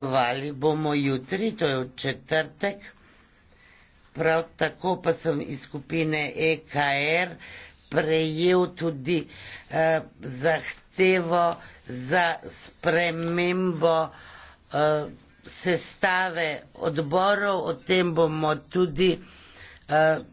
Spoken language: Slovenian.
Glasovali bomo jutri, to je v četrtek. Prav tako pa sem iz skupine EKR prejel tudi eh, zahtevo za spremembo eh, sestave odborov. O tem bomo tudi eh,